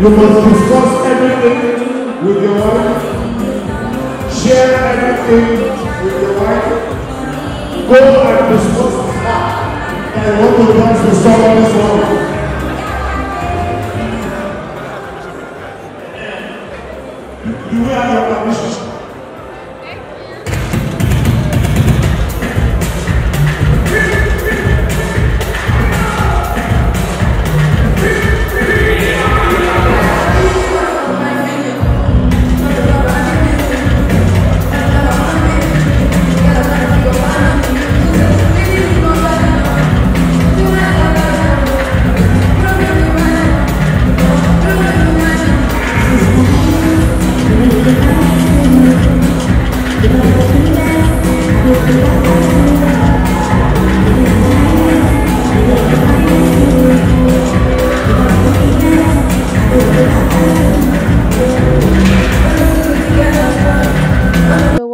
You must discuss everything with your wife. Share everything with your wife. Go and discuss and I want to dance with someone this morning. You will have your permission.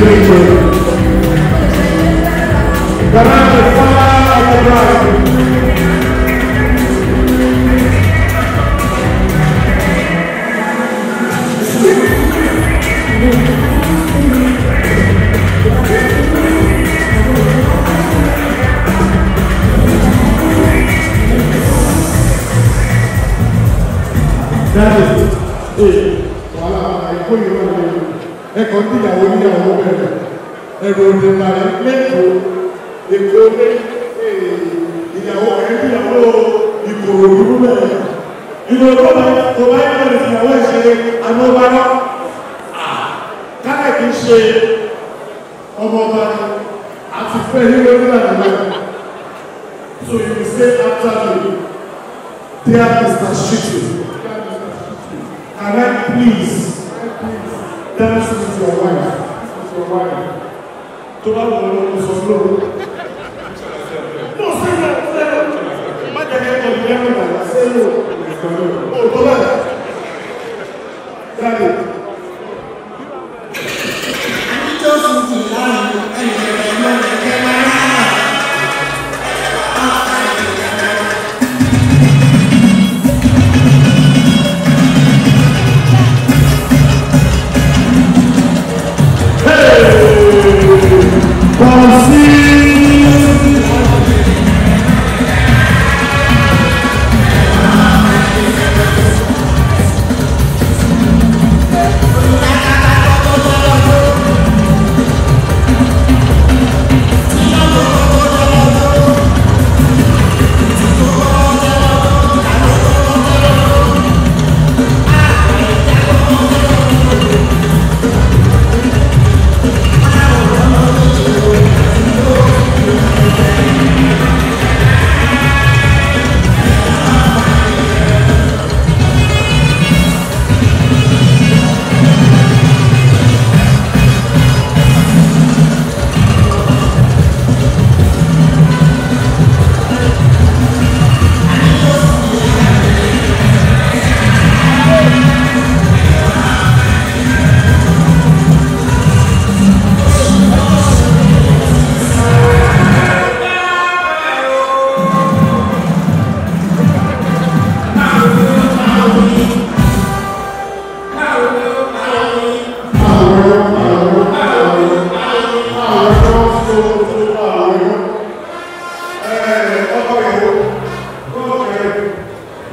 living room. The man is far of the ẹ̀kọ́ tí ìyàwó níyàwó bẹ̀rẹ̀ ẹ̀rọ òde parẹ́ lẹ́kọ̀ọ́ èkó lé ìyàwó rẹ̀ níyàwó ìkòròdú bẹ̀rẹ̀ ìdòwò bá tó bá yẹ lọ ìyàwó ìṣe anọ́bárá káàkì ṣe ọmọba àti fẹ́ nílé nígbàdàgbà so you be say after me dear Mr. Shitu can I please Dance with your wife. With your wife. Tó bá wọ̀ lọ́wọ́ sọ fún òun. Mo ṣe yẹ fẹ́. Má jẹ́ kí ẹ̀kọ́ ìlú ẹ̀rọ náà ṣe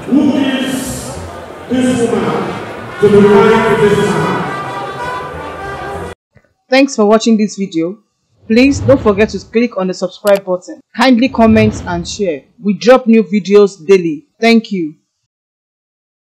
Who is this woman to be married to this man? Thanks for watching this video. Please don't forget to click on the subscribe button. Kindly comment and share. We drop new videos daily. Thank you.